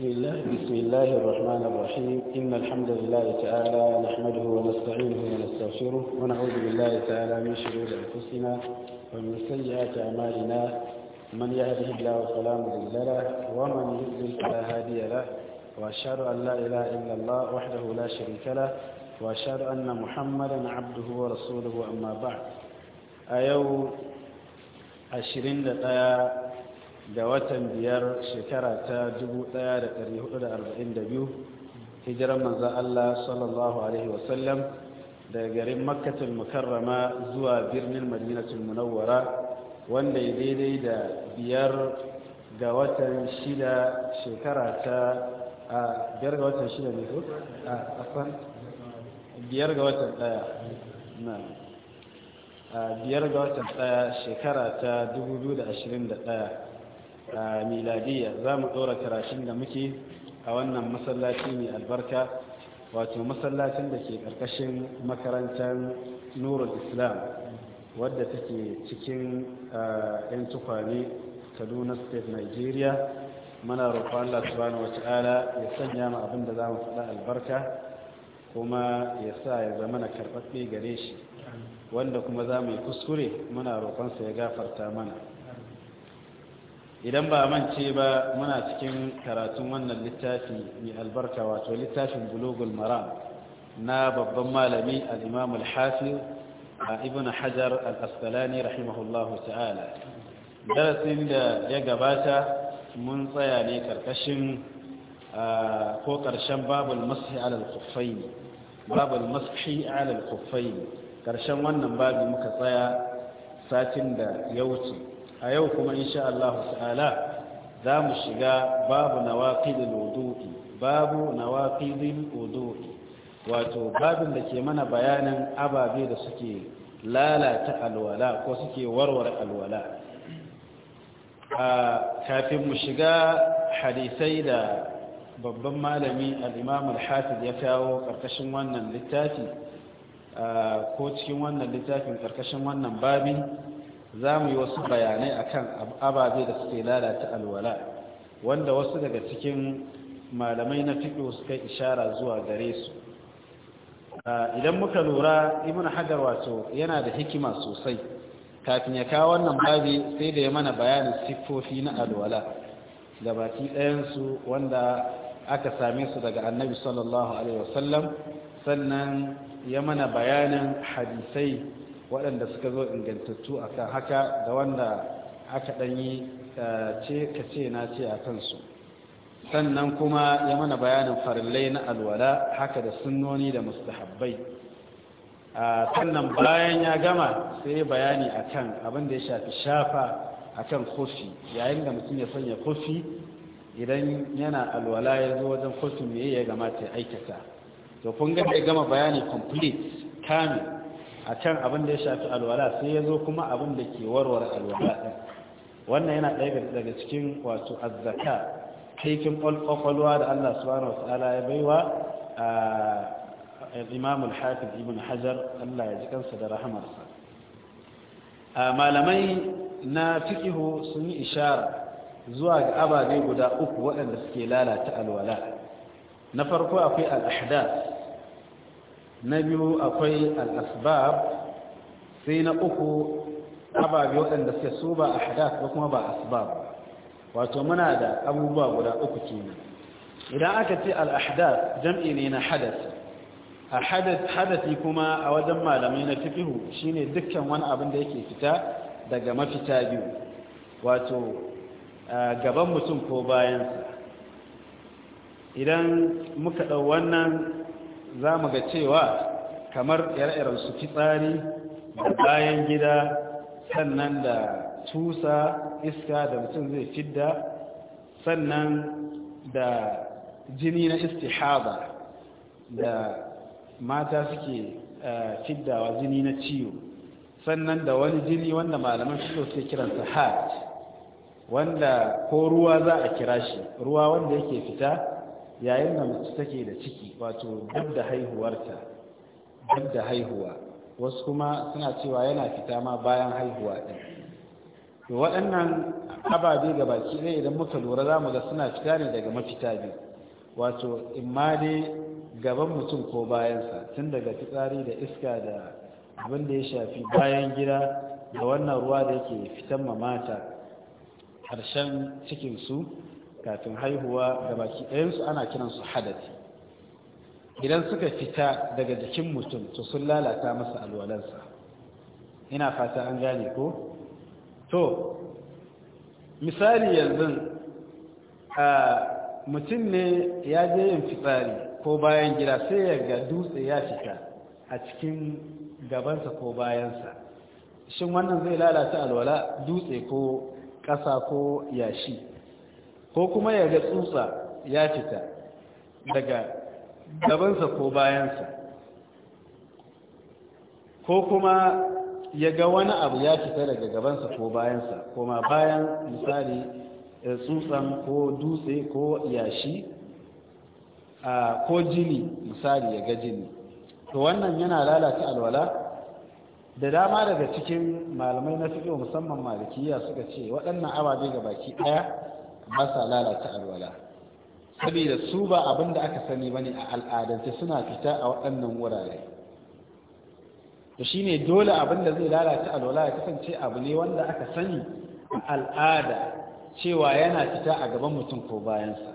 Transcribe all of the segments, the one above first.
بسم الله بسم الله الرحمن الرحيم إن الحمد لله تعالى نحمده ونستعينه ونستغفره ونعوذ بالله تعالى من شرور أنفسنا ومن سيئات أعمالنا من يهده الله فلا مضل له ومن يضلل فلا هادي له وأشهد أن لا إله إلا الله وحده لا شريك له وأشهد أن محمدا عبده ورسوله أما بعد أيو عشرين دقائق da watan biyar shekara ta 1442 hijiran manzan Allah sallallahu Alaihi wasallam daga garin makkatul mukarrama zuwa birnin madinatul munawwara wanda ya daidai da biyar ga watan shida shekara ta a biyar ga watan shida ne a biyar ga watan daya na a biyar ga watan daya shekara ta 2021 miladiyya za mu ɗora karashin da muke a wannan masallaci mai albarka wato masallacin da ke ƙarƙashin makarantar nurul islam wadda take cikin 'yan tukwane kaduna state nigeria mana roƙon allah subhanahu ala ya sanya mu abin da za mu faɗa albarka kuma ya sa ya zama na karɓaɓɓe gare shi wanda kuma za mu yi kuskure mana roƙonsa ya gafarta mana idan ba mance ba muna cikin karatun wannan littafi mai albarka wato littafin bulogul maram na babban malami al'imam al a ibn hajar al rahimahullahu ta'ala darasin da ya gabata mun tsaya ne karkashin ko karshen babul mashi alal kuffaini babul karshen wannan babi muka tsaya satin da ya wuce a yau kuma insha Allah ta'ala za mu shiga babu nawaqidul wudu'i babu nawaqidul wudu'i wato babin da ke mana bayanin ababe da suke lalata alwala ko suke warware alwala a kafin mu shiga hadisai da babban malami al al-hafiz ya kawo karkashin wannan littafi ko cikin wannan littafin karkashin wannan babin za mu yi wasu bayanai akan ababe da suke lalata alwala wanda wasu daga cikin malamai na fiƙo suka ishara zuwa gare su idan muka lura ibn hajar wato yana da hikima sosai kafin ya kawo wannan babi sai da ya mana bayanin siffofi na alwala gabaki ɗayansu wanda aka same su daga annabi sallallahu alaihi wasallam sannan ya mana bayanin hadisai waɗanda suka zo ingantattu kan haka da wanda aka ɗanyi eh, ce ka ce na ce a kansu sannan kuma ya mana bayanin farillai na alwala haka da sunnoni da mustahabbai sannan bayan ya gama sai bayani akan abin da ya shafi shafa akan kofi yayin da mutum ya sanya kofi idan yana alwala ya zo wajen kofi yi ya gamata ya aikata to kun gama bayani complete kamin a can abin da ya shafi alwala sai ya zo kuma abin da ke warware alwala ɗin wannan yana ɗaya daga cikin wato azzaka kaifin ƙwaƙwalwa da allah subhanahu wa ta'ala ya baiwa a imamul hafiz ibn hajar allah ya ji kansa da rahamarsa malamai na fiƙihu sun yi ishara zuwa ga ababe guda uku waɗanda suke lalata alwala na farko akwai al'ahdas na biyu akwai al'asbab sai na uku ababe waɗanda suke su ba a hadas ba kuma ba asbab wato muna da abubuwa guda uku kenan idan aka ce al'ahdas jam'i ne na hadas a hadasi kuma a wajen malamai na fifihu shine dukkan wani abin da yake fita daga mafita biyu wato gaban mutum ko bayansa idan muka ɗau wannan za mu ga cewa kamar ire su fitsari da bayan gida sannan da tusa iska da mutum zai fidda sannan da jini na istihaba da mata suke eh, fiddawa jini na ciwo sannan da wani jini wanda malaman fito sai kiransa hajj wanda ko ruwa za a kira shi ruwa wanda yake fita yayin da mace take da ciki wato duk da haihuwarta duk da haihuwa wasu kuma suna cewa yana fita ma bayan haihuwa ɗin to waɗannan ababe ga baki ɗaya idan muka lura zamu ga suna fita ne daga mafita biyu wato in ma dai gaban mutum ko bayansa tun daga fitsari da iska da abin da ya shafi bayan gida da wannan ruwa da yake fitan mamata harshen cikinsu kafin haihuwa da baki ɗayansu ana kiransu hadati idan suka fita daga jikin mutum to sun lalata masa alwalansa ina fata an gane ko to misali yanzu a mutum ne ya je yin fitsari ko bayan gida sai ya ga dutse ya fita a cikin gabansa ko bayansa shin wannan zai lalata alwala dutse ko ƙasa ko yashi ko kuma ya ga tsutsa ya fita daga gabansa ko bayansa ko kuma ya ga wani abu ya fita daga gabansa ko bayansa kuma bayan misali eh, tsutsan ko dutse ko yashi ko jini misali ya ga jini to wannan yana lalata alwala da dama daga cikin malamai na fiƙo musamman malikiya suka ce waɗannan ababe ga baki ɗaya ba sa lalata alwala saboda su ba abin da aka sani ba ne a al'adance suna fita a waɗannan wurare to shine dole abin da zai lalata alwala ya kasance abu ne wanda aka sani a al'ada cewa yana fita a gaban mutum ko bayansa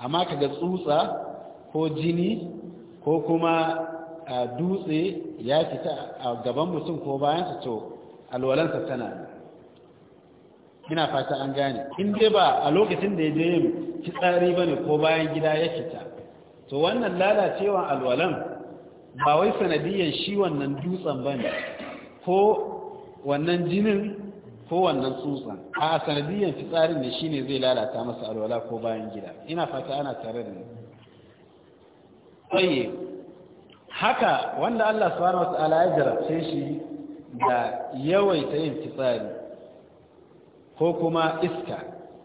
amma kaga tsutsa ko jini ko kuma dutse ya fita a gaban mutum ko bayansa to alwalansa tana ina fata an gane in dai ba a lokacin da ya je yin fitsari ba ne ko bayan gida ya fita to wannan lalacewa alwalan ba wai sanadiyan shi wannan dutsen ba ne ko wannan jinin ko wannan tsutsan a sanadiyan fitsarin ne shine zai lalata masa alwala ko bayan gida ina fata ana tare da ni haka wanda Allah subhanahu wata'ala ya jarabce shi da yawaita yin fitsari ko kuma iska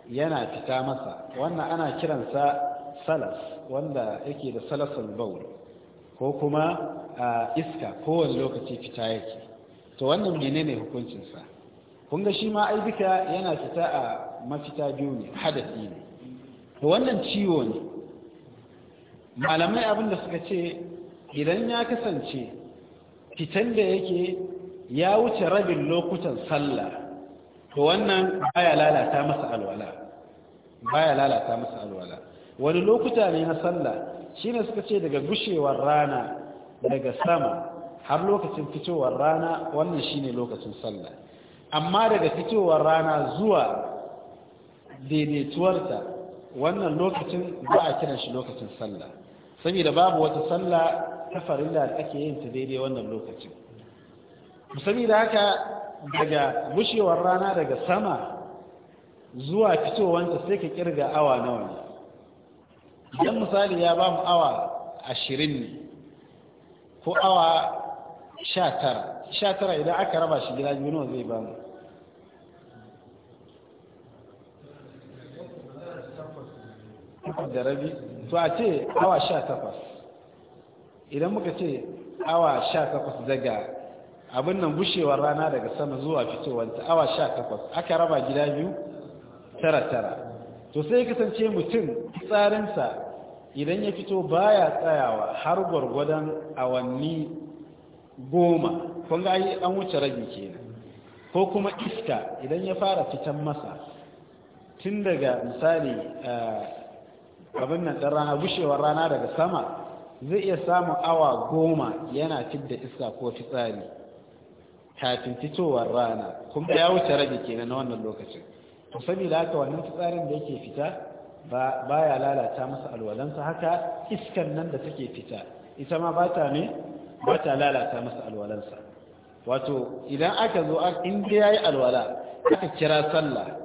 yana fita masa wannan ana kiransa salas wanda yake da salasul baul ko kuma iska kowane lokaci fita yake to wannan menene hukuncinsa kun ga shi ma ai bika yana fita a mafita biyu ne hadafi ne to wannan ciwo ne malamai abin da suka ce idan ya kasance fitan da yake ya wuce rabin lokutan sallah to wannan baya lalata masa alwala baya lalata masa alwala wani lokuta ne na sallah shine suka ce daga gushewar rana daga sama har lokacin fitowar rana wannan shine lokacin sallah amma daga fitowar rana zuwa daidaituwarta wannan lokacin ba a kiran shi lokacin sallah saboda babu wata sallah ta farilla da ake yin ta daidai wannan lokacin musamman haka daga bushewar rana daga sama zuwa fitowanta sai ka kirga awa nawa ne idan misali ya ba mu awa ashirin ne ko awa sha tara sha tara idan aka raba shi gida biyu nawa zai ba mu da rabi to a ce awa sha takwas idan muka ce awa sha takwas daga abin nan gushewar rana daga sama zuwa fitowarta awa sha takwas aka raba gida biyu tara-tara to sai kasance mutum tsarinsa idan ya fito baya tsayawa har gwargwadon awanni goma kunga yi an wuce rabi kenan ko kuma iska idan ya fara fitan masa tun daga misali eh, abin nan ɗan rana bushewar rana daga sama zai iya samun awa goma yana fidda iska ko fitsari kafin fitowar rana kuma ya wuce rage kenan na wannan lokacin to saboda haka wannan fitsarin da yake fita ba ya lalata masa alwalansa haka iskan nan da take fita ita ma ba ta ne ba ta lalata masa alwalansa wato idan aka zo in inda ya yi alwala aka kira sallah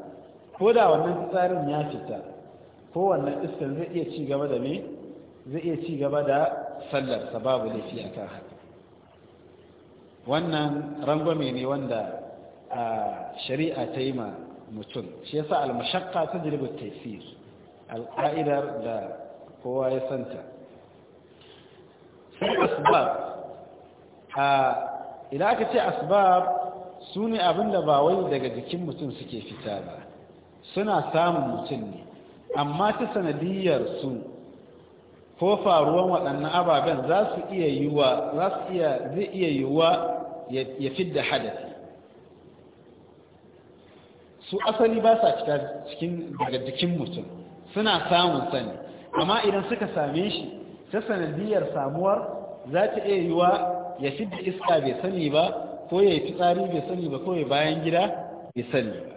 ko da wannan tsarin ya fita ko wannan iskan zai iya ci gaba da me zai iya ci gaba da sallarsa babu laifi akan haka wannan rangwame ne wanda shari'a ta yi ma mutum shi ya sa almashakka ta jirgin taysir al da kowa ya santa sai asbab a idan aka ce asbab su ne abinda ba wai daga jikin mutum suke fita ba suna samun mutum ne amma ta sanadiyar su ko faruwan waɗannan ababen za su iya yiwuwa. ya fidda hadasi su asali ba sa cika cikin daga jikin mutum suna samun sani amma idan suka same shi ta sanadiyar samuwar za ta iya yiwuwa ya fidda iska bai sani ba ko ya yi fitsari bai sani ba ko ya bayan gida bai sani ba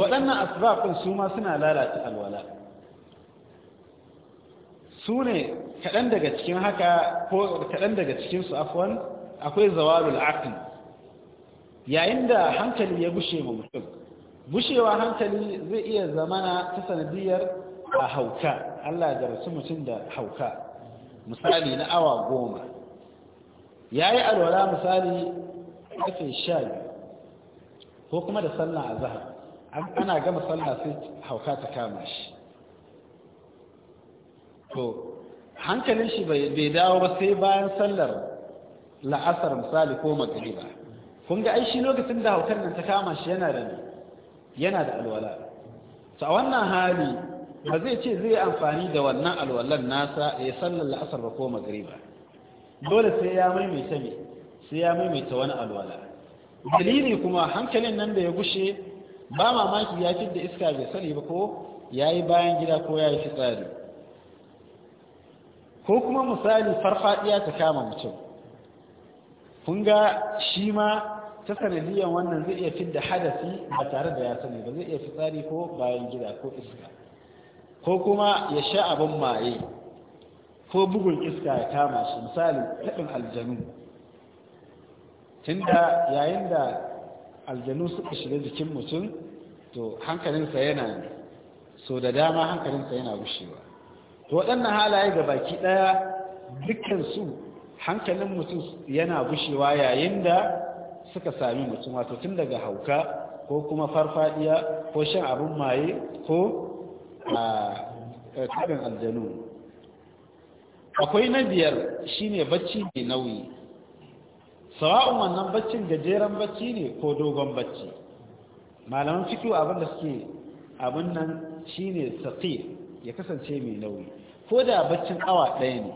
waɗannan asibafin su ma suna lalata alwala su ne kaɗan daga cikin haka ko kaɗan daga cikinsu afwan akwai zawalul aqli yayin da hankali ya bushe ma mutum bushewa hankali zai iya zamana ta sanadiyar a hauka Allah da rasu mutum da hauka misali na awa goma ya yi alwala misali ƙarfe sha biyu ko kuma da sallah a zahar ana gama sallah sai hauka ta kama shi to hankalin shi bai dawo ba sai bayan sallar la'asar misali ko magariba kun ga aishi lokacin da haukar nan ta kama shi yana da yana da alwala to a wannan hali ba zai ce zai amfani da wannan alwalan nasa ya sallar la'asar ba ko magariba dole sai ya maimaita ne sai ya maimaita wani alwala dalili kuma hankalin nan da ya gushe ba mamaki ya fi da iska bai sani ba ko ya yi bayan gida ko ya yi fitsari ko kuma misali farfadiya ta kama mutum kun ga shi ma ta sanadiyan wannan zai iya fidda hadasi ba tare da ya sani ba zai iya fitsari ko bayan gida ko iska ko kuma ya sha abin maye ko bugun iska ya kama shi misali taɗin aljanu tunda yayin da aljanu suka shiga jikin mutum to hankalinsa yana ne so da dama hankalinsa yana gushewa to waɗannan halaye ga baki ɗaya dukkan su. hankalin mutum yana gushewa yayin da suka sami mutum wato tun daga hauka ko kuma farfadiya ko shan abin maye ko a tabin aljanu akwai na biyar shine bacci mai nauyi sawa'un wannan baccin gajeren bacci ne ko dogon bacci malaman fito abin da suke abin nan shine saqi ya kasance mai nauyi ko da baccin awa ɗaya ne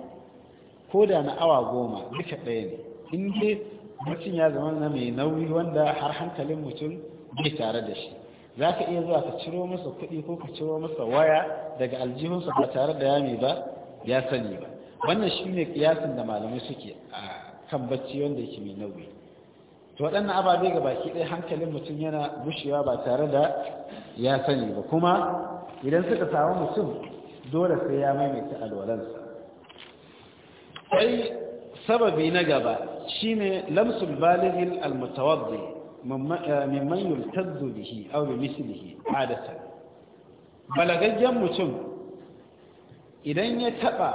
ko da na awa goma duka ɗaya ne in dai mutum ya zama na mai nauyi wanda har hankalin mutum bai tare da shi za ka iya zuwa ka ciro masa kuɗi ko ka ciro masa waya daga aljihunsa ba tare da yami ba ya sani ba wannan shi ne kiyasin da malamai suke a kan bacci wanda yake mai nauyi to waɗannan ababe ga baki ɗaya hankalin mutum yana gushewa ba tare da ya sani ba kuma idan suka samu mutum dole sai ya maimaita alwalansa sai sababi na gaba shine lamsul baligh al mutawaddi eh, mimman yultaddu bihi aw mislihi adata balagaggen mutum idan ya taba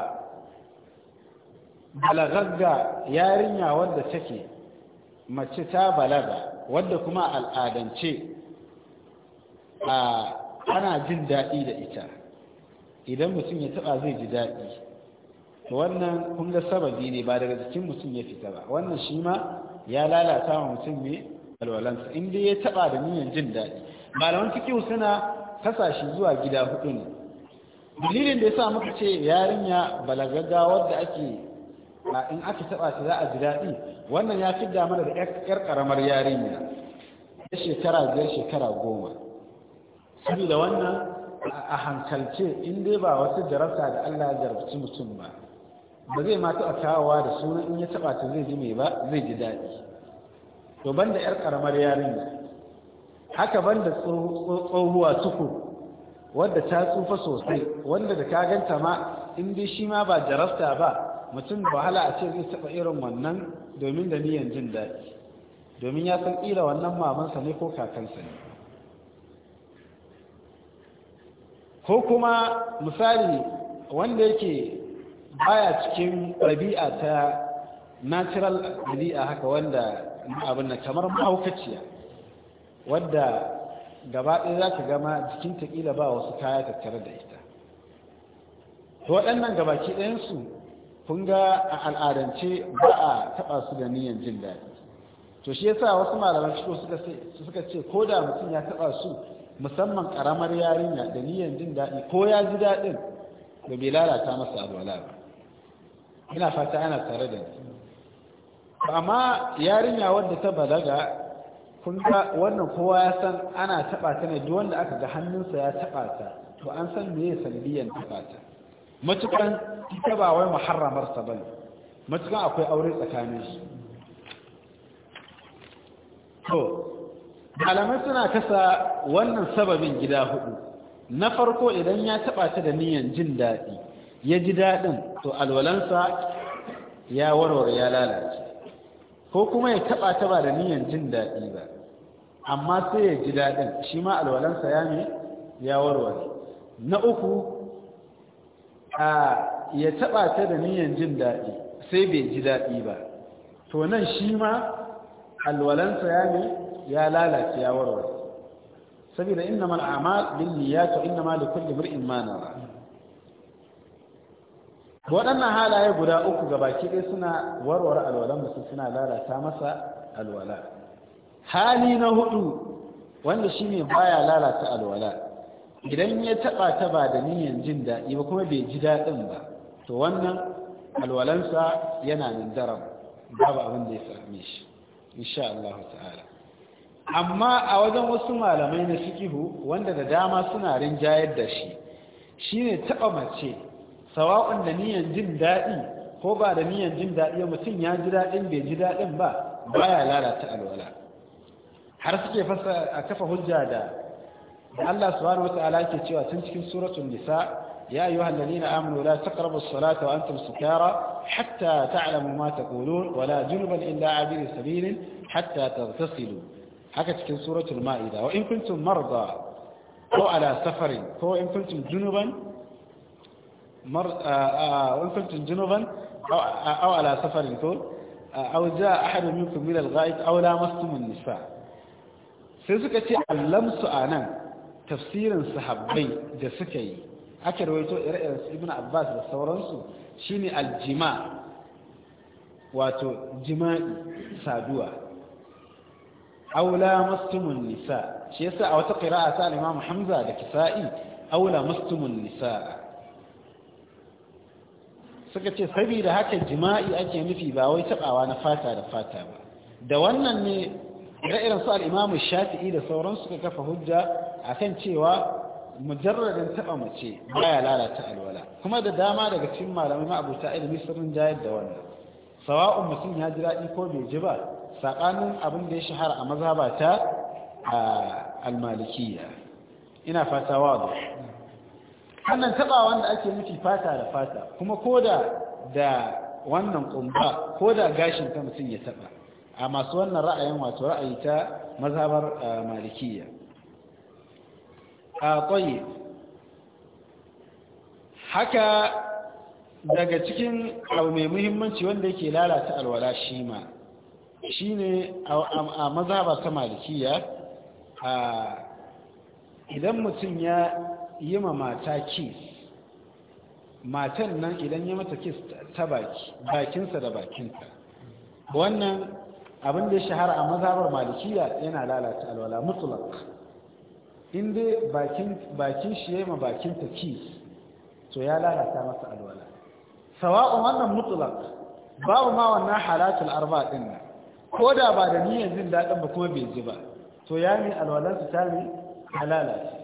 balagagga yarinya wadda take mace ta balaga wadda kuma al'adance a ana jin daɗi da ita idan mutum ya taba zai ji daɗi to wannan kun ga sababi ne ba daga jikin mutum ya fita ba wannan shi ma ya lalata wa mutum ne alwalansa in dai ya taba da niyan jin daɗi malaman fikihu suna kasa zuwa gida hudu ne dalilin da ya sa muka ce yarinya balagaga wadda ake in aka taba ta za a ji daɗi wannan ya da mana da yar karamar yarinya ya shekara biyar shekara goma saboda wannan a hankalce in dai ba wasu jarabta da Allah ya jarabci mutum ba ba zai mata a kawowa da suna in ya taba ta zai ji mai ba zai ji daɗi to banda yar karamar yarinya haka banda tsohuwa tuku wadda ta tsufa sosai wanda da ka ganta ma in dai shi ma ba jarafta ba mutum wahala a ce zai taba irin wannan domin da niyan jin daɗi domin ya san ƙila wannan mamansa ne ko kakansa ne ko kuma misali wanda yake baya cikin rabi'a ta natural ɗabi'a haka wanda abin na kamar mahaukaciya wadda gaba ɗaya za ka gama jikin taƙila ba wasu kaya tattare da ita to waɗannan gabaki ɗayansu kun ga a al'adance ba a taɓa su da niyan jin daɗi to shi yasa wasu malaman ciko suka ce ko da mutum ya taɓa su musamman ƙaramar yarinya da niyan jin daɗi ko ya ji daɗin da bai lalata masa alwala ba ina fata ana tare da ni amma yarinya wadda ta balaga kun ga wannan kowa ya san ana taba ta ne duk wanda aka ga hannunsa ya taba ta to an san me ya sandiyan taba ta matukan ita ba wai muharramar sa bane matukan akwai aure tsakanin su to malamai suna kasa wannan sababin gida hudu na farko idan ya taba ta da niyan jin daɗi ya ji daɗin to alwalansa ya warware ya lalace ko kuma ya taɓa taɓa da niyan jin daɗi ba amma sai ya ji daɗin shi ma alwalansa ya ne ya warware na uku a ya taɓa ta da niyan jin daɗi sai bai ji daɗi ba to nan shi ma alwalansa ya ne ya lalace ya warware saboda innamal a'mal bin niyyat wa innamal likulli imrin ma nawa waɗannan halaye guda uku ga baki ɗaya suna warware alwalan mutum suna lalata masa alwala hali na hudu wanda shine baya lalata alwala idan ya taɓa ta ba da niyan jin daɗi ba kuma bai ji daɗin ba to wannan alwalansa yana nan daram babu abin da ya same shi insha Allah ta'ala amma a wajen wasu malamai na sikihu wanda da dama suna rinjayar da shi shine taɓa mace sawa'un da niyan jin daɗi ko ba da niyan jin daɗi mutum ya ji daɗin bai ji daɗin ba baya lalata alwala har suke fasa a kafa hujja da Allah subhanahu wata'ala ke cewa tun cikin suratul nisa ya ayyuhal ladina amanu la taqrabu as-salata wa antum sukara hatta ta'lamu ma taqulun wa la junuban illa 'abiri sabilin hatta taghtasilu haka cikin suratul ma'ida wa in kuntum marda ko ala safarin ko in kuntum junuban وانفلتم جنوبا أو, أو على سفر طول أو جاء أحد منكم من الغائط أو لامستم النساء سيسكتي اللمس آنان tafsirin sahabbai da suka yi aka rawaito ire-irensu ibn abbas da sauransu shine aljima wato jima'i saduwa aula mastumun nisa shi yasa a wata qira'a ta imam hamza da kisa'i aula mastumun nisa suka ce saboda haka jima'i ake nufi ba wai tabawa na fata da fata ba da wannan ne irin su Alimamin Shafi'i da sauran suka kafa hujja a kan cewa mujarradin taba mace ya lalata alwala kuma da dama daga cikin malamai ma ilimi sirrin jayar da wannan sawa'un mutum ya ji daɗi ko bai ji ba saƙanin abin da ya shahara a mazhabata a almalikiya. ina fata wadu wannan taba wanda ake miki fata da fata kuma koda da wannan kumba koda gashin ta mutum ya taba a masu wannan ra'ayin wato ra'ayi ta mazhabar malikiya a koyi haka daga cikin abu mai muhimmanci wanda yake lalata alwala shi ma shi a mazhabar ta malikiya idan mutum ya yi ma mata kis matan nan idan ya mata kis ta baki bakinsa da bakinta wannan abin da ya shahara a mazabar malikiya yana lalata alwala mutulak inda bakin shi ya yi ma bakinta kis to ya lalata masa alwala sawa'un wannan mutulak babu ma wannan halatul arba din nan ko da ba da niyyar jin daɗin ba kuma bai ji ba to ya ne alwalansu ta ne halala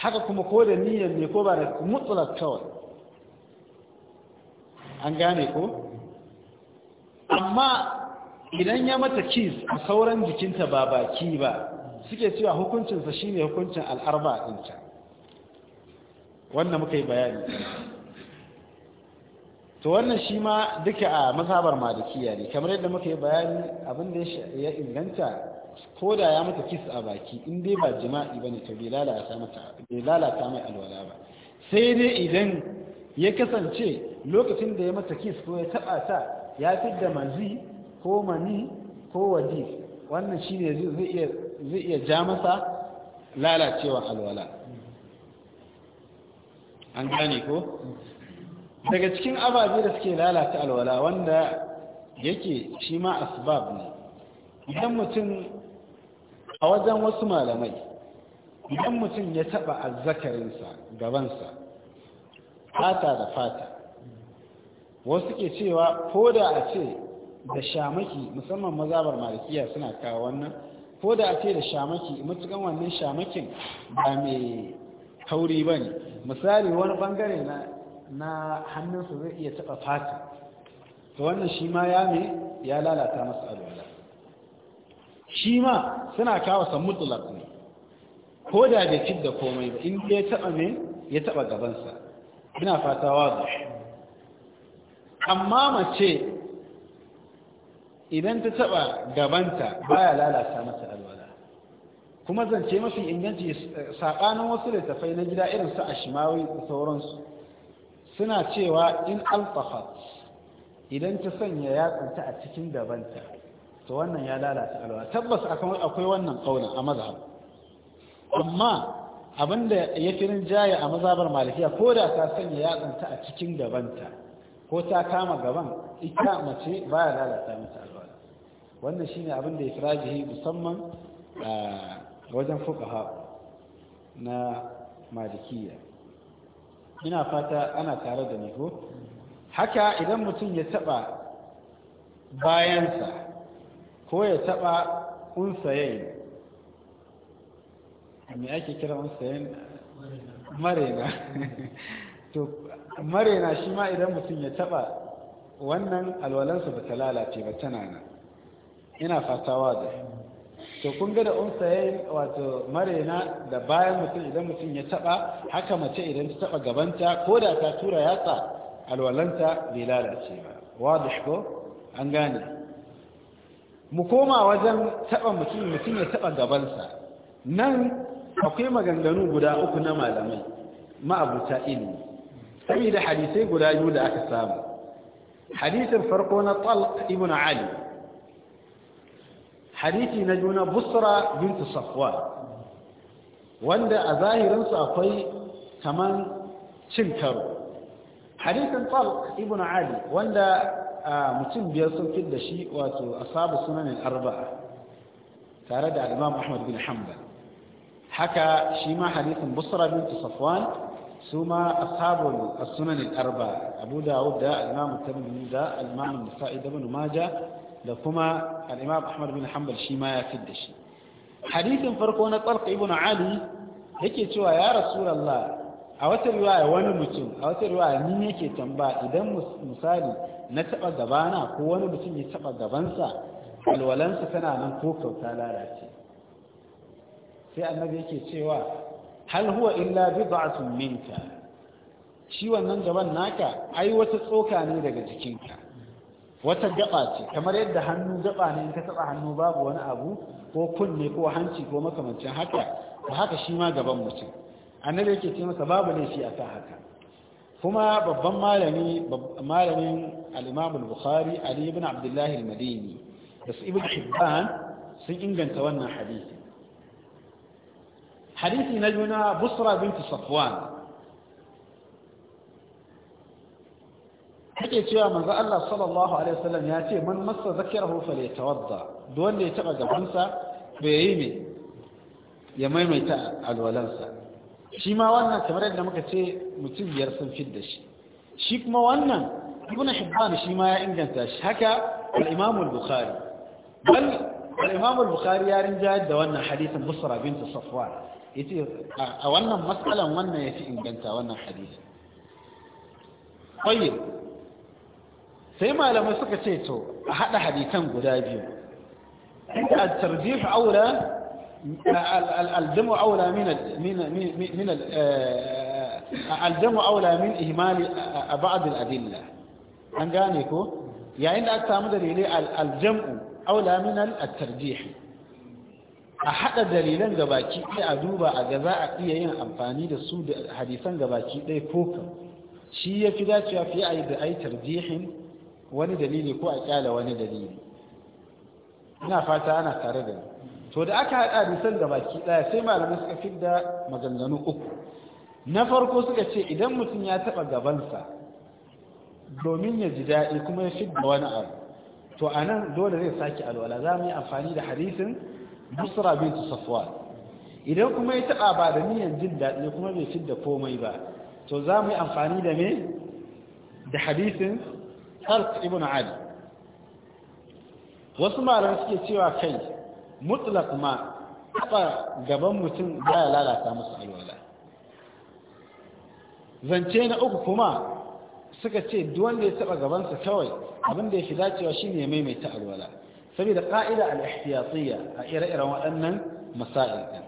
haka kuma ko da niyyar ne ko ba da mutsulat kawai an gane ko amma idan ya mata kis a sauran jikinta ba baki ba suke cewa hukuncinsa shi ne hukuncin al'arba ɗinta wannan muka yi bayani to wannan shi ma duka a ma malikiya ne kamar yadda muka yi bayani abinda da ya inganta ko da ya mata kis a baki in dai ba jima'i ba ne ta bai lalata mai alwala ba sai dai idan ya kasance lokacin da ya mata kis ko ya taba ta ya fi da mazi ko mani ko wadi wannan shi ne zai iya ja masa lalacewa alwala an gane ko daga cikin ababe da suke lalata alwala wanda yake shi ma asbab ne idan mutum a wajen wasu malamai idan mutum ya taba azzakarinsa gabansa fata da fata wasu ke cewa ko da a ce da shamaki musamman mazabar malikiya suna kawo wannan ko da a ce da shamaki matukan wannan shamakin ba mai kauri ba ne misali wani bangare na hannunsa zai iya taba fata to wannan shi ma ya ya lalata masu shi ma suna kawo san ne ko da da cik da komai ba in ya taba ne ya taba gabansa ina fata wazo amma mace idan ta taba gabanta baya lalata mata alwala kuma zance mafi inganci saɓanin wasu tafai na gida irin su ashimawi da sauransu suna cewa in alfahat idan ta sanya yatsanta a cikin gabanta to wannan ya lalata alwala tabbas akwai wannan kauna a mazhab amma abinda ya fi rinjaye a mazhabar malikiya ko da ta sanya yatsanta a cikin gabanta ko ta kama gaban ita mace ba ya lalata mata alwala wannan shine abin da ya fi rajihi musamman wajen fuqaha na malikiya ina fata ana tare da ni ko haka idan mutum ya taba bayansa ko ya taɓa unsayin me ake kira unsayin marena to marena shi ma idan mutum ya taɓa wannan alwalansa ba ta lalace ba tana nan ina fatawa da to kun ga da unsayin wato marena da bayan mutum idan mutum ya taɓa haka mace idan ta taɓa gabanta ko da ta tura yatsa alwalanta bai lalace ba wadish ko an gane mu koma wajen taɓa mutum mutum ya taɓa gabansa nan akwai maganganu guda uku na malamai ma'abuta ilimi saboda hadisai guda biyu da aka samu hadisin farko na talq ibn ali hadisi na juna busra bintu safwan wanda a zahirinsu akwai kaman cin karo hadisin talq ibn ali wanda mutum biyar sun fi da shi wato ashabu sunanin arba tare da imam ahmad bin Hamdan haka shi ma hadithin busra bin safwan su ma ashabu sunanin arba abu da imam tirmidhi da da ibn maja da kuma al ahmad bin Hamdan shi ma ya fi da shi hadithin farko na tsarka ibn ali yake cewa ya rasulallah a wata riwaya wani mutum a wata riwaya ni yake tamba idan misali na taba gabana ko wani mutum ya taba gabansa alwalansa tana nan ko kauta lalace sai annabi yake cewa hal huwa illa bi bid'atun minka shi wannan gaban naka ai wata tsoka ne daga jikinka wata gaba ce kamar yadda hannu gaba ne in ka taba hannu babu wani abu ko kunne ko hanci ko makamancin haka haka shi ma gaban mutum annabi yake ce masa babu laifi a ta haka kuma babban malami malamin al-imam al-bukhari ali ibn abdullah al-madini da su ibn hibban sun inganta wannan hadisi hadisi na juna busra binti safwan take cewa manzo Allah sallallahu alaihi wasallam ya ce man massa zakirahu falyatawadda duk wanda ya taba gabansa bai yi ne ya maimaita alwalansa shi ma wannan kamar yadda muka ce mutum biyar sun fi da shi shi kuma wannan ibn hibban shi ma ya inganta shi haka al-imam al-bukhari bal al-imam al-bukhari ya rinja da wannan hadisin busra bint safwan yace a wannan masalan wannan yace inganta wannan hadisi tayyib sai malamai suka ce to a hada hadisan guda biyu inda al-tarjih aula الجمع أولى من من من الجمع أولى من إهمال an gane ko yayin da aka samu dalilai aljam'u aula min al-tarjih a hada dalilan gabaki ɗaya a duba a gaza, a iya yin amfani da su da hadisan gabaki ɗaya ko kan shi ya fi dacewa fiye a da ai tarjihin wani dalili ko a kyala wani dalili ina fata ana tare da ni to da aka haɗa hadisan da baki ɗaya sai malamai suka fidda maganganu uku na farko suka ce idan mutum ya taɓa gabansa domin ya ji daɗi kuma ya fidda wani abu to a nan dole zai sake alwala za mu yi amfani da hadisin busra bintu safwan idan kuma ya taɓa ba da niyan jin daɗi kuma bai fidda komai ba to za mu yi amfani da me da hadisin hark ibn ali wasu malamai suke cewa kai mutlak ma taɓa gaban mutum ya lalata musu alwala zance na uku kuma suka ce duwanda ya taɓa gabansa kawai abin da ya fi dacewa shi ne maimaita alwala saboda ƙa'ida al'ihtiyatiyya a ire-iren waɗannan masa'il ɗin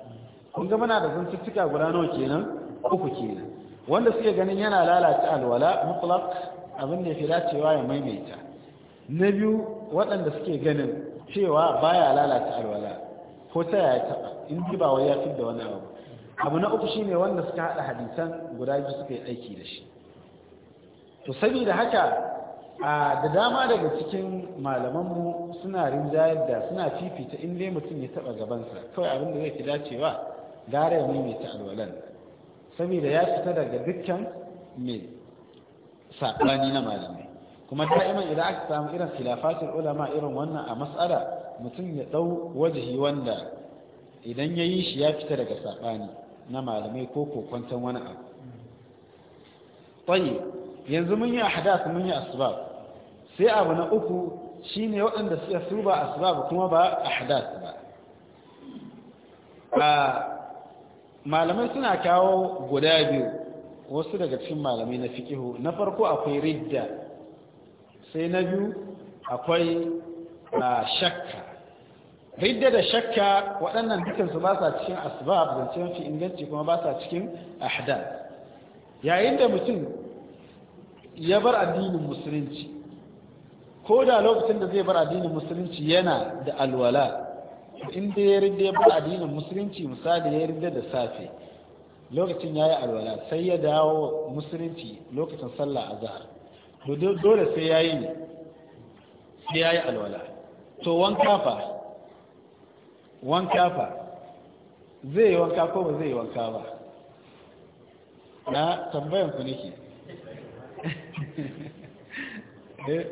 kun ga muna da zantuttuka guda nawa kenan uku kenan wanda suke ganin yana lalata alwala mutlak abin da ya fi dacewa ya maimaita na biyu waɗanda suke ganin cewa baya lalata alwala ko ta ya taɓa in ji ba wai ya fi da wani abu abu na uku shine wanda suka haɗa hadisan guda biyu suka yi aiki da shi to saboda haka da dama daga cikin malaman mu suna rinjayar da suna fifita in dai mutum ya taɓa gabansa kawai abin da zai fi dacewa gara ya ta alwalan saboda ya fita daga dukkan mai sakani na malamai kuma da'iman idan aka samu irin khilafatul ulama irin wannan a mas'ala mutum ya dau wajihi wanda idan ya yi shi ya fita daga sabani na malamai ko kokwantan wani abu tsaye yanzu mun yi ahdath mun yi asbab sai abu na uku shine waɗanda suka su ba asbab kuma ba ahdath ba malamai suna kawo guda biyu wasu daga cikin malamai na fikihu na farko akwai ridda sai na biyu akwai a shakka ridda da shakka waɗannan dukansu ba sa cikin asbab zancen fi inganci kuma ba sa cikin ahda yayin da mutum ya bar addinin musulunci ko da lokacin da zai bar addinin musulunci yana da alwala inda ya ridda ya bar addinin musulunci misali ya ridda da safe lokacin ya yi alwala sai ya dawo musulunci lokacin sallah a azhar to dole sai ya yi sai yi alwala to wanka fa wanka fa zai yi wanka ko ba zai yi wanka ba na tambayan ku nake eh,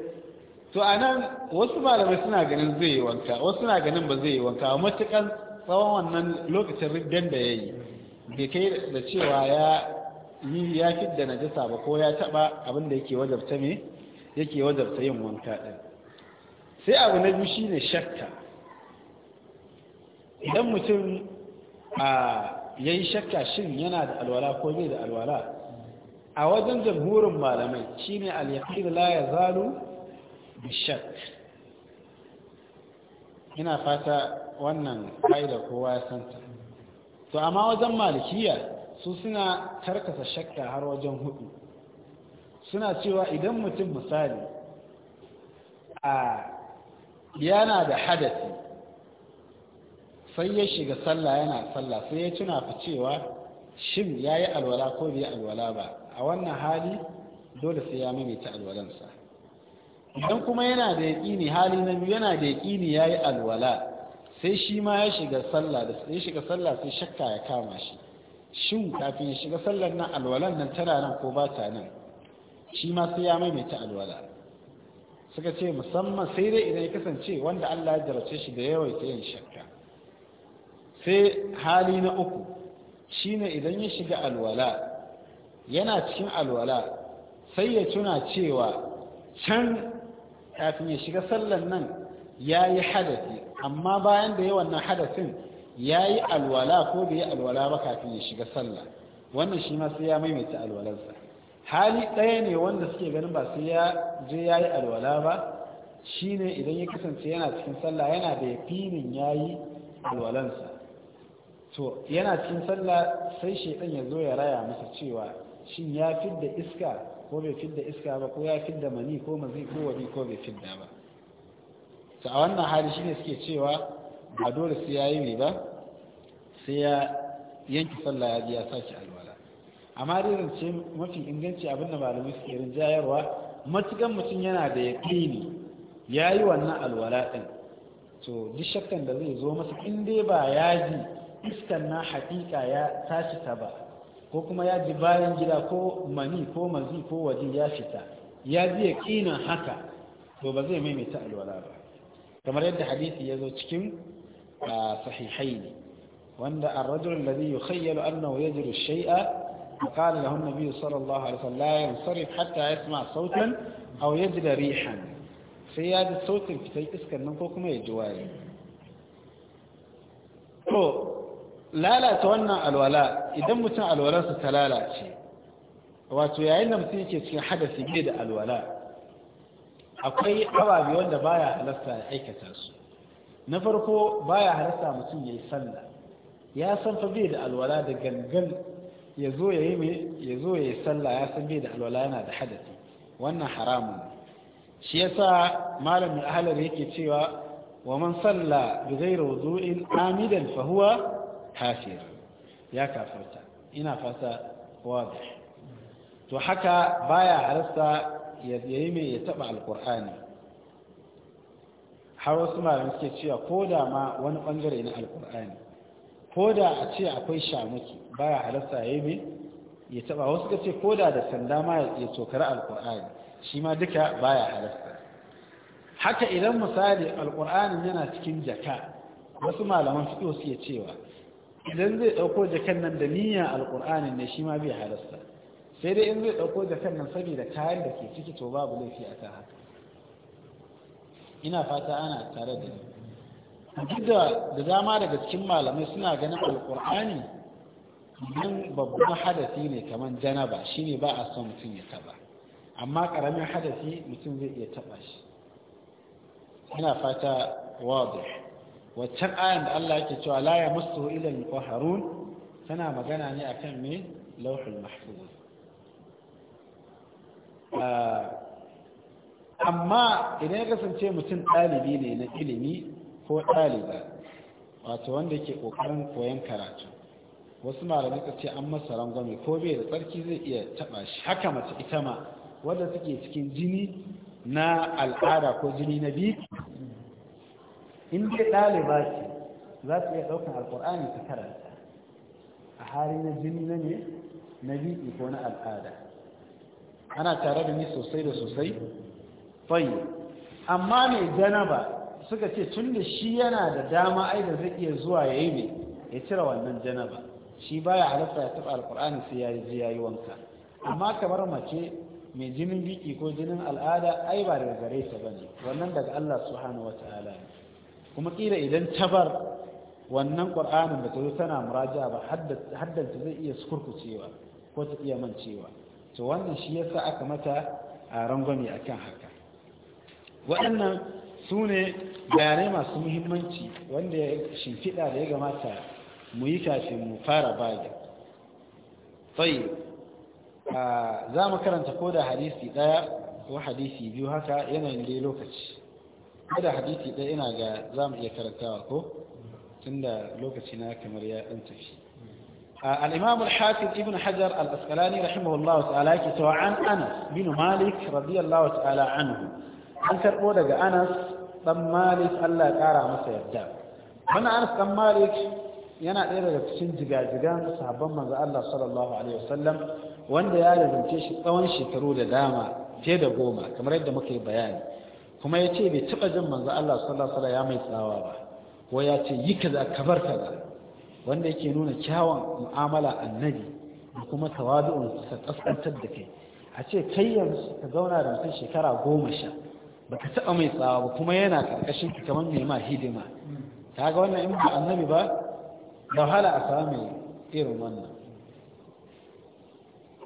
to a nan wasu malamai suna ganin zai yi wanka wasu suna ganin ba zai yi wanka matuƙan tsawon wannan lokacin riddan da ya yi da kai da cewa ya yi ya fidda najasa ba ko ya taba abin da yake wajabta me yake wajabta yin wanka din sai abu na biyu shine shakka idan mutum a yayi shakka shin yana da alwala ko bai da alwala a wajen jamhurin malamai shine al-yaqin la yazalu bi shakk ina fata wannan da kowa ya santa to amma wajen malikiya su suna karkasa shakka har wajen hudu suna cewa idan mutum misali a yana da hadasi sai ya shiga sallah yana sallah sai ya tuna fi cewa shin ya yi alwala ko bai alwala ba a wannan hali dole sai ya ta alwalansa idan kuma yana da yaƙini hali na biyu yana da yaƙini ya yi alwala sai shi ma da ya shiga sallah sai shakka ya kama shi shin kafin ya shiga sallar nan alwalan nan tana nan ko ba ta nan shi ma sai ya maimaita alwala suka ce musamman sai dai idan ya kasance wanda Allah ya jarace shi da ta yin shakka sai hali na uku shine idan ya shiga alwala yana cikin alwala sai ya tuna cewa can kafin ya shiga sallar nan ya yi hadafi amma bayan da yawan nan hadasin. ya yi alwala ko bai yi alwala ba kafin ya shiga sallah wannan shi ma sai ya maimaita alwalarsa hali ɗaya ne wanda suke ganin ba sai ya je ya yi alwala ba shine idan ya kasance yana cikin sallah yana da yafinin ya yi alwalansa to yana cikin sallah sai shaidan ya zo ya raya masa cewa shin ya fidda iska ko bai fidda iska ba ko ya fidda mani ko mazi ko wani ko bai fidda ba to a wannan hali shine suke cewa ba dole sai yayi ne ba sai ya yanki sallah ya ji ya sace alwala amma dai ce mafi inganci abin da malamai suke rinjayarwa matukan mutum yana da ya yaƙini ya yi wannan alwala ɗin to duk shakkan da zai zo masa in dai ba ya ji iskan na haƙiƙa ya tashi ta ba ko kuma ya ji bayan gida ko mani ko mazi ko waje ya fita ya ji yaƙinin haka to ba zai maimaita alwala ba kamar yadda hadisi ya zo cikin ah, sahihai ne وأن الرجل الذي يخيل أنه يجر الشيء فقال له النبي صلى الله عليه وسلم لا ينصرف حتى يسمع صوتا أو يجد ريحا في هذا الصوت الكتاب يسكن من فوق ما يجوائي لا لا تونى الولاء إذا متى الولاء ستلالا شيء واتو يعين لم تنكي حدث جيد الولاء أقول أبا بيوان دبايا هلسة حيكة نفركو نفرقو بايا هلسة متنجي سنة ya san fa bai da alwala da gangan ya zo ya yi ya zo ya yi sallah ya san bai da alwala yana da hadasi wannan haramun ne shi yasa malamin ahlar yake cewa wa man salla bi ghairi wudu'in amidan fa huwa kafir ya kafarta ina fata wadih to haka baya harasta ya yi mai ya taba alqur'ani har wasu malamai suke cewa ko da ma wani bangare na alqur'ani ko da a ce akwai shamuki baya halasta ya yi ya taba wasu ka ce ko da da sanda ma ya tokar alkur'ani shi ma duka baya halasta. haka idan misali alkur'ani yana cikin jaka wasu malaman su suke cewa idan zai ɗauko jakan nan da niyyar alkur'ani ne shi ma bai halasta, sai dai in zai ɗauko jakan nan saboda kayan da ke ciki to babu laifi a ta haka ina fata ana tare da ni duk da dama daga cikin malamai suna ganin alkur'ani nan babban hadasi ne kamar janaba shi ne ba a son mutum ya taba amma karamin hadasi mutum zai iya taba shi ina fata wadu waccan ayan da Allah yake cewa la masu ilan ko Harun, tana magana ne a kan me lauhul mahfuz ah, amma idan ya kasance mutum ɗalibi ne na ilimi ko ɗaliba wato wanda ke ƙoƙarin koyon karatu wasu malamai ka ce an masa rangwame ko bai da tsarki zai iya taɓa shi haka mace ita ma wadda suke cikin jini na al'ada ko jini na biyu in dai ɗaliba ce za su iya ɗaukar alƙur'ani ta karanta a hali na jini na ne na biyu ko na al'ada ana tare da ni sosai da sosai fayi amma mai janaba suka ce tun da shi yana da dama ai da zai iya zuwa ya yi ne ya cire wannan janaba shi baya halatta ya taɓa alƙur'ani sai ya yi ya yi wanka amma kamar mace mai jinin biki ko jinin al'ada ai ba daga gare ta bane wannan daga Allah subhanahu wataala ne kuma kila idan ta bar wannan qur'anin da ta zo tana muraja ba haddanta zai iya sukurkucewa ko ta iya mancewa to wannan shi yasa aka mata a rangwame akan haka waɗannan su ne bayanai masu muhimmanci wanda ya shimfiɗa da ya gamata mu yi kafin mu fara bagi tsayi za mu karanta ko da hadisi ɗaya ko hadisi biyu haka yanayin dai lokaci ko da hadisi ɗaya ina ga za mu iya karantawa ko tunda lokaci na kamar ya ɗan tafi الإمام الحافظ ابن حجر الأسقلاني رحمه الله تعالى كتوى عن أنس بن مالك رضي الله تعالى عنه an karɓo daga anas ɗan malik allah ya ƙara masa yadda wani anas ɗan malik yana ɗaya daga cikin jigajigan sahabban manzo allah sallallahu alaihi wasallam wanda ya rubuce shi tsawon shekaru da dama fiye da goma kamar yadda muka yi bayani kuma ya ce bai taɓa jin manzo allah sallallahu alaihi ya mai tsawa ba ko ya ce yi kaza kabar kaza wanda yake nuna kyawun mu'amala annabi da kuma tawadu'un sa kaskantar da kai a ce kai yanzu ka zauna da mutum shekara goma sha baka taba mai tsawa ba kuma yana karkashin ka kamar mai ma hidima kaga wannan in ba annabi ba da wahala a samu irin wannan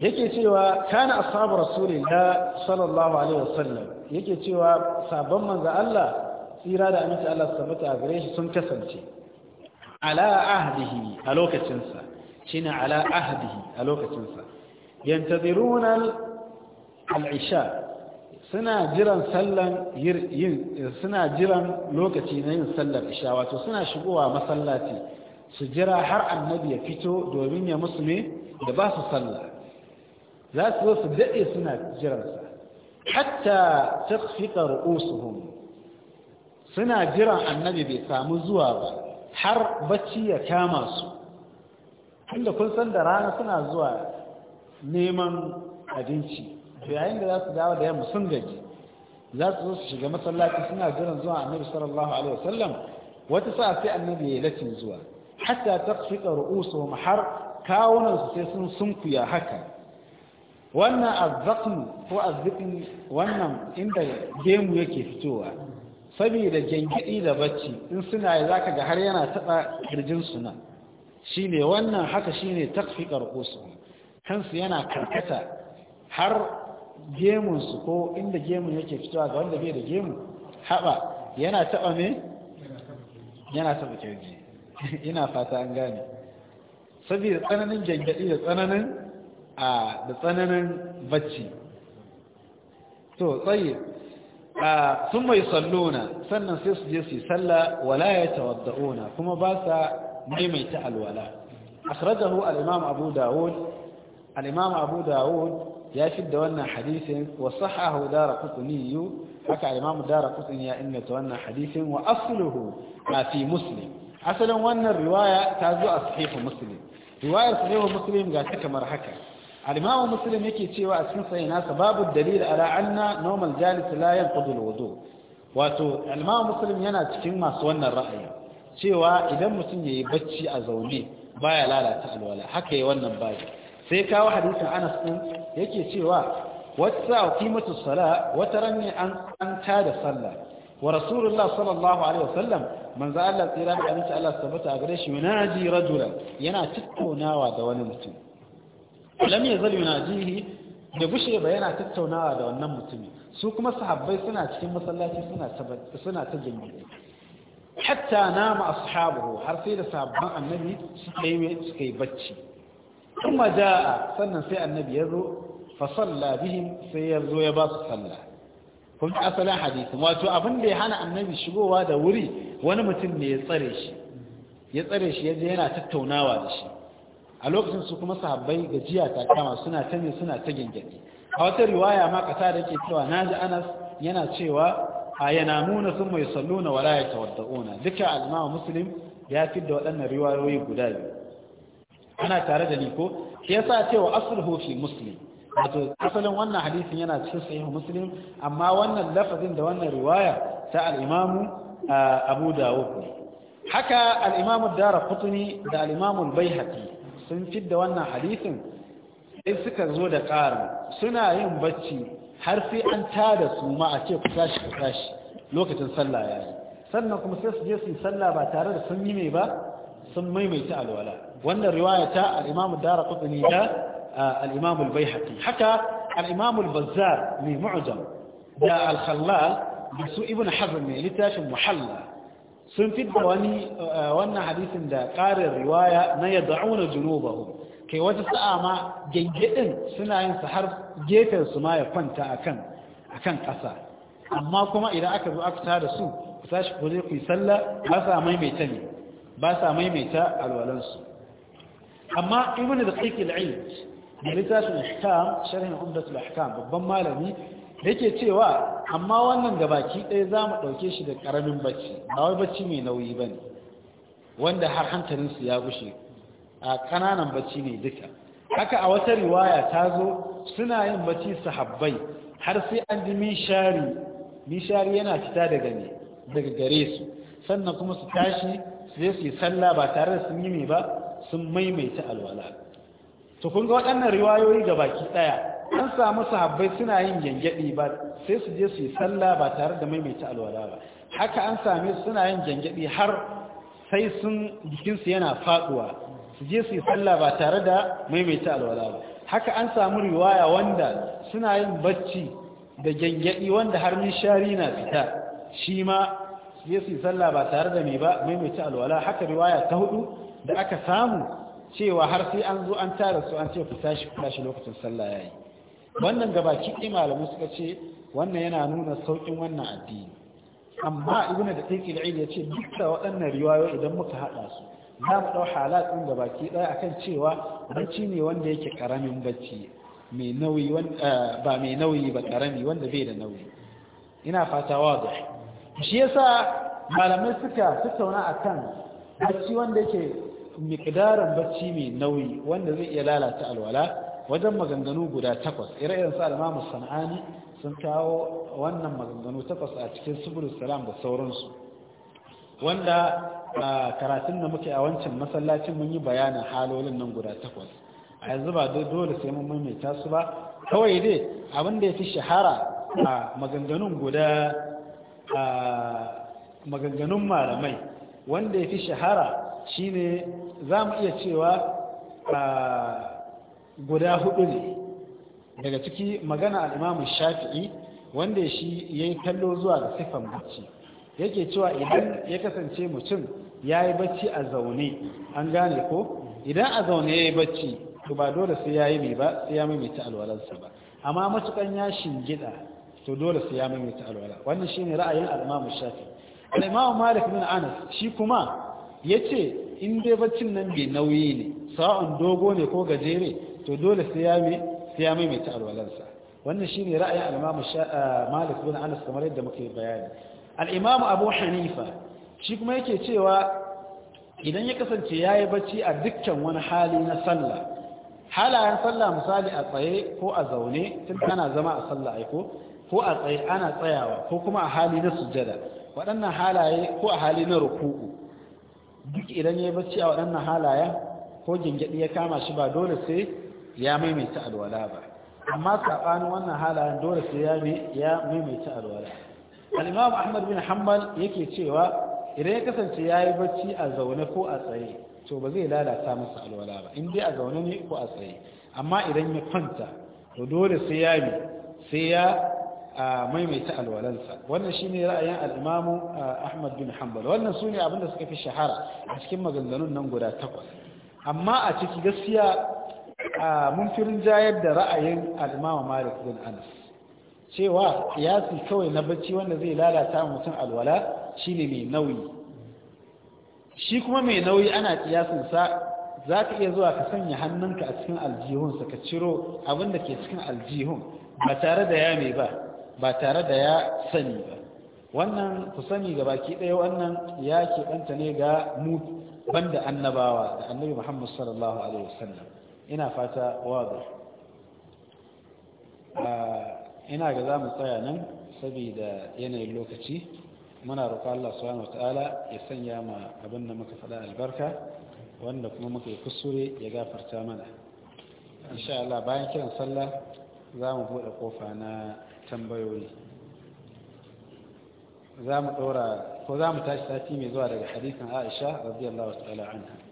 yake cewa kana ashabu rasulillah sallallahu alaihi wasallam yake cewa sabon manzo Allah tsira da aminci Allah tabbata a gare shi sun kasance ala ahdihi a lokacin sa shine ala ahdihi a lokacin sa yantaziruna al-isha suna jiran sallan yin suna jiran lokaci na yin sallar isha wato suna shigowa masallaci su jira har annabi ya fito domin ya musu ne da ba su sallah za su zo su daɗe suna jiransa hatta takfika ru'usuhum suna jiran annabi bai samu zuwa ba har bacci ya kama su tunda kun san da rana suna zuwa neman abinci to yayin da za su dawo da yamma sun gaji za su zo su shiga masallaci suna jiran zuwa annabi sallallahu alaihi wasallam wata sa'a sai annabi ya latin zuwa hatta taqsita ru'usuhum har kawunan su sai sun sunkuya haka wannan azzaqn ko azzaqin wannan inda gemu yake fitowa saboda jangidi da bacci in suna yi zaka ga har yana taba kirjin su nan shine wannan haka shine taqsita ru'usuhum kansu yana karkata har gemunsu ko inda gemun yake fitowa ga wanda bai da gemu haɓa yana taɓa me yana taɓa kirji ina fata an gane saboda tsananin jangadi da tsananin a da tsananin bacci to tsaye a sun mai sallona sannan sai su je su yi salla wala ya tawadda'una kuma ba sa maimaita alwala akhrajahu al-imam abu dawud al-imam abu dawud ya fidda wannan hadisin wa sahahu daraqutni haka imamu daraqutni ya inganta wannan hadisin wa asluhu ma fi muslim asalin wannan riwaya ta zo a sahihu muslim riwayar sahihu muslim ga ta kamar haka al-imam muslim yake cewa a cikin sahih nasa babu dalil ala anna nawmal jalis la yanqudu al-wudu wato al-imam muslim yana cikin masu wannan ra'ayi cewa idan mutum yayi bacci a zaune baya lalata alwala haka yayi wannan babu sai kawo hadisin anas din yake cewa wata qimatu sala wata ranne an an da sallah wa rasulullah sallallahu alaihi wasallam manzo Allah tsira da annabi Allah tabbata a gare shi yunaji rajulan yana tattaunawa da wani mutum lam yazal yunajihi da bushe ba yana tattaunawa da wannan mutumin su kuma sahabbai suna cikin masallaci suna ta suna ta jami'i hatta nama ashabuhu har sai da sahabban annabi suka yi suka yi bacci kuma ja'a sannan sai annabi ya zo fa salla bihim sai ya ya ba kun ji asalin hadisin wato abin da ya hana annabi shigowa da wuri wani mutum ne ya tsare shi ya tsare shi yaje yana tattaunawa da shi a lokacin su kuma sahabbai gajiya ta kama suna ta ne suna ta gengedi a wata riwaya ma kasa da yake cewa naji Anas yana cewa a yanamuna thumma yusalluna wala tawadda'una duka al-Imam ya fi da waɗannan riwayoyi guda biyu ana tare da ni ko shi yasa cewa asluhu fi muslim wato asalin wannan hadisin yana cikin sahihu muslim amma wannan lafazin da wannan riwaya ta al abu dawud haka al dara daraqutni da al-imamu al-baihaqi sun fidda wannan hadisin sai suka zo da ƙarin suna yin bacci har sai an tada su ma a ce ku tashi ku tashi lokacin sallah yayi sannan kuma sai su je su yi sallah ba tare da sun yi mai ba sun maimaita alwala wannan riwaya ta al-imam da al-imam al haka al bazar al-bazzar da al-khallal da su ibn hazm mai littafin muhalla sun fidda wani wannan hadisin da ƙarin riwaya na yad'una junubahum kai wata sa'a ma gengedin suna yin su har gefen su ma ya kwanta akan ƙasa amma kuma idan aka zo aka tada su ku tashi ku je ku yi sallah ba sa maimaita ne ba sa maimaita alwalansu amma ibn daqiq al-aid da littafin ahkam sharhin umdat al-ahkam babban malami yake cewa amma wannan gabaki ɗaya za mu ɗauke shi da ƙaramin bacci ba wai bacci mai nauyi ba ne wanda har hantarinsu ya gushe a ƙananan bacci ne duka haka a wata riwaya ta zo suna yin bacci sahabbai har sai an ji mishari mishari yana fita daga ne daga gare su sannan kuma su tashi su je su yi sallah ba tare da sun yi mai ba sun maimaita alwala to kun ga waɗannan riwayoyi ga baki ɗaya an samu sahabbai suna yin gyangyaɗi ba sai su je su yi sallah ba tare da maimaita alwala ba haka an same su suna yin gyangyaɗi har sai sun jikinsu yana faɗuwa su je su yi sallah ba tare da maimaita alwala ba haka an samu riwaya wanda suna yin bacci da gyangyaɗi wanda har nishari na fita shi ma su je su yi sallah ba tare da mai ba maimaita alwala haka riwaya ta hudu da aka samu cewa har sai an zo an tara su an ce ku tashi ku tashi lokacin sallah yayi wannan gabaki ɗaya malamai suka ce wannan yana nuna saukin wannan addini amma ibnu da taqil ilmi ya ce duk da waɗannan riwayoyi idan muka hada su za mu halat din da baki ɗaya akan cewa bacci ne wanda yake ƙaramin bacci mai nauyi eh, ba mai nauyi ba ƙarami wanda bai da nauyi ina fata wazo shi yasa malamai suka tattauna akan bacci wanda yake miƙidarin bacci mai nauyi wanda zai iya lalata alwala wajen maganganu guda takwas ire-iren su almamu sana'ani sun kawo wannan maganganu takwas a cikin subur salam da sauransu wanda karatun da muke a wancan masallacin mun yi bayanin halolin nan guda takwas a yanzu ba dole sai mun maimaita su ba kawai dai abin da ya fi shahara a maganganun guda a maganganun malamai wanda ya fi shahara shine za mu iya cewa guda hudu ne daga ciki magana al'imamu shafi'i wanda shi ya yi kallo zuwa da siffan bacci yake cewa idan ya kasance mutum ya yi bacci a zaune an gane ko idan a zaune ya yi bacci to ba dole sai ya yi mai ba sai ya maimaita alwalarsa ba amma matukan ya shingida to dole sai ya maimaita alwala wannan shi ne ra'ayin al'imamu shafi al'imamu malik bin anas shi kuma ya ce in dai baccin nan bai nauyi ne sa'un dogo ne ko gajere to dole sai ya sai ya maimaita alwalansa wannan shi ne ra'ayin al'amamu ah, malik bin anas kamar yadda muke bayani al'imamu abu hanifa shi kuma yake cewa idan ya kasance ya yi bacci a dukkan wani hali na sallah halayen sallah misali a tsaye ko a zaune tun tana zama a sallah aiko ko a tsaye ana tsayawa ko kuma a hali na sujada waɗannan halaye ko a hali na ruku'u duk idan ya bacci a waɗannan halayen ko gingadi ya kama shi ba dole sai ya maimaita alwala ba amma saɓanin wannan halayen dole sai ya maimaita alwala al'imam ahmad bin hanbal yake cewa idan ya kasance ya yi bacci a zaune ko a tsaye to ba zai lalata masa alwala ba in dai a zaune ne ko a tsaye amma idan ya kwanta to dole sai ya yi sai ya a maimaita alwalansa wannan shine ra'ayin al-imamu Ahmad bin Hanbal wannan sune abin da suka fi shahara a cikin maganganun nan guda takwas amma a ciki gaskiya mun fi rinjayar da ra'ayin al Malik bin Anas cewa yasi kawai na bacci wanda zai lalata mutum alwala shine mai nauyi shi kuma mai nauyi ana kiyasin sa za ka iya zuwa ka sanya hannunka a cikin aljihunsa ka ciro abin da ke cikin aljihun ba tare da ya mai ba ba tare da ya sani ba wannan ku sani ga baki ɗaya wannan ya ɗanta ne ga mu banda annabawa da annabi muhammad sallallahu alaihi wasallam ina fata wadu ah, ina ga za mu tsaya nan saboda yanayin lokaci muna roƙa Allah subhanahu wataala ya sanya ma abin da muka faɗa albarka wanda kuma muka yi kusure ya gafarta mana insha Allah bayan kiran sallah za mu buɗe kofa na tambayoyi za mu ɗora ko za mu tashi sati mai zuwa daga hadisin aisha radiyallahu ta'ala anha